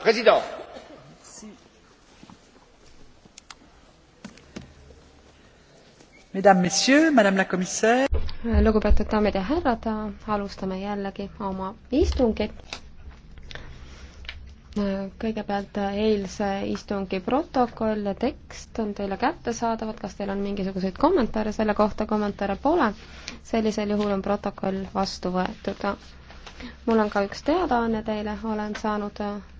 Président. Mesdames, Messieurs, Madame la Commissaire. lugupeetud daamid ja härrad, alustame jällegi oma istungit. kõigepealt eilse istungi protokoll ja tekst on teile kättesaadavad, kas teil on mingisuguseid kommentaare selle kohta, kommentaare pole. sellisel juhul on protokoll vastu võetud mul on ka üks teadaanne teile, olen saanud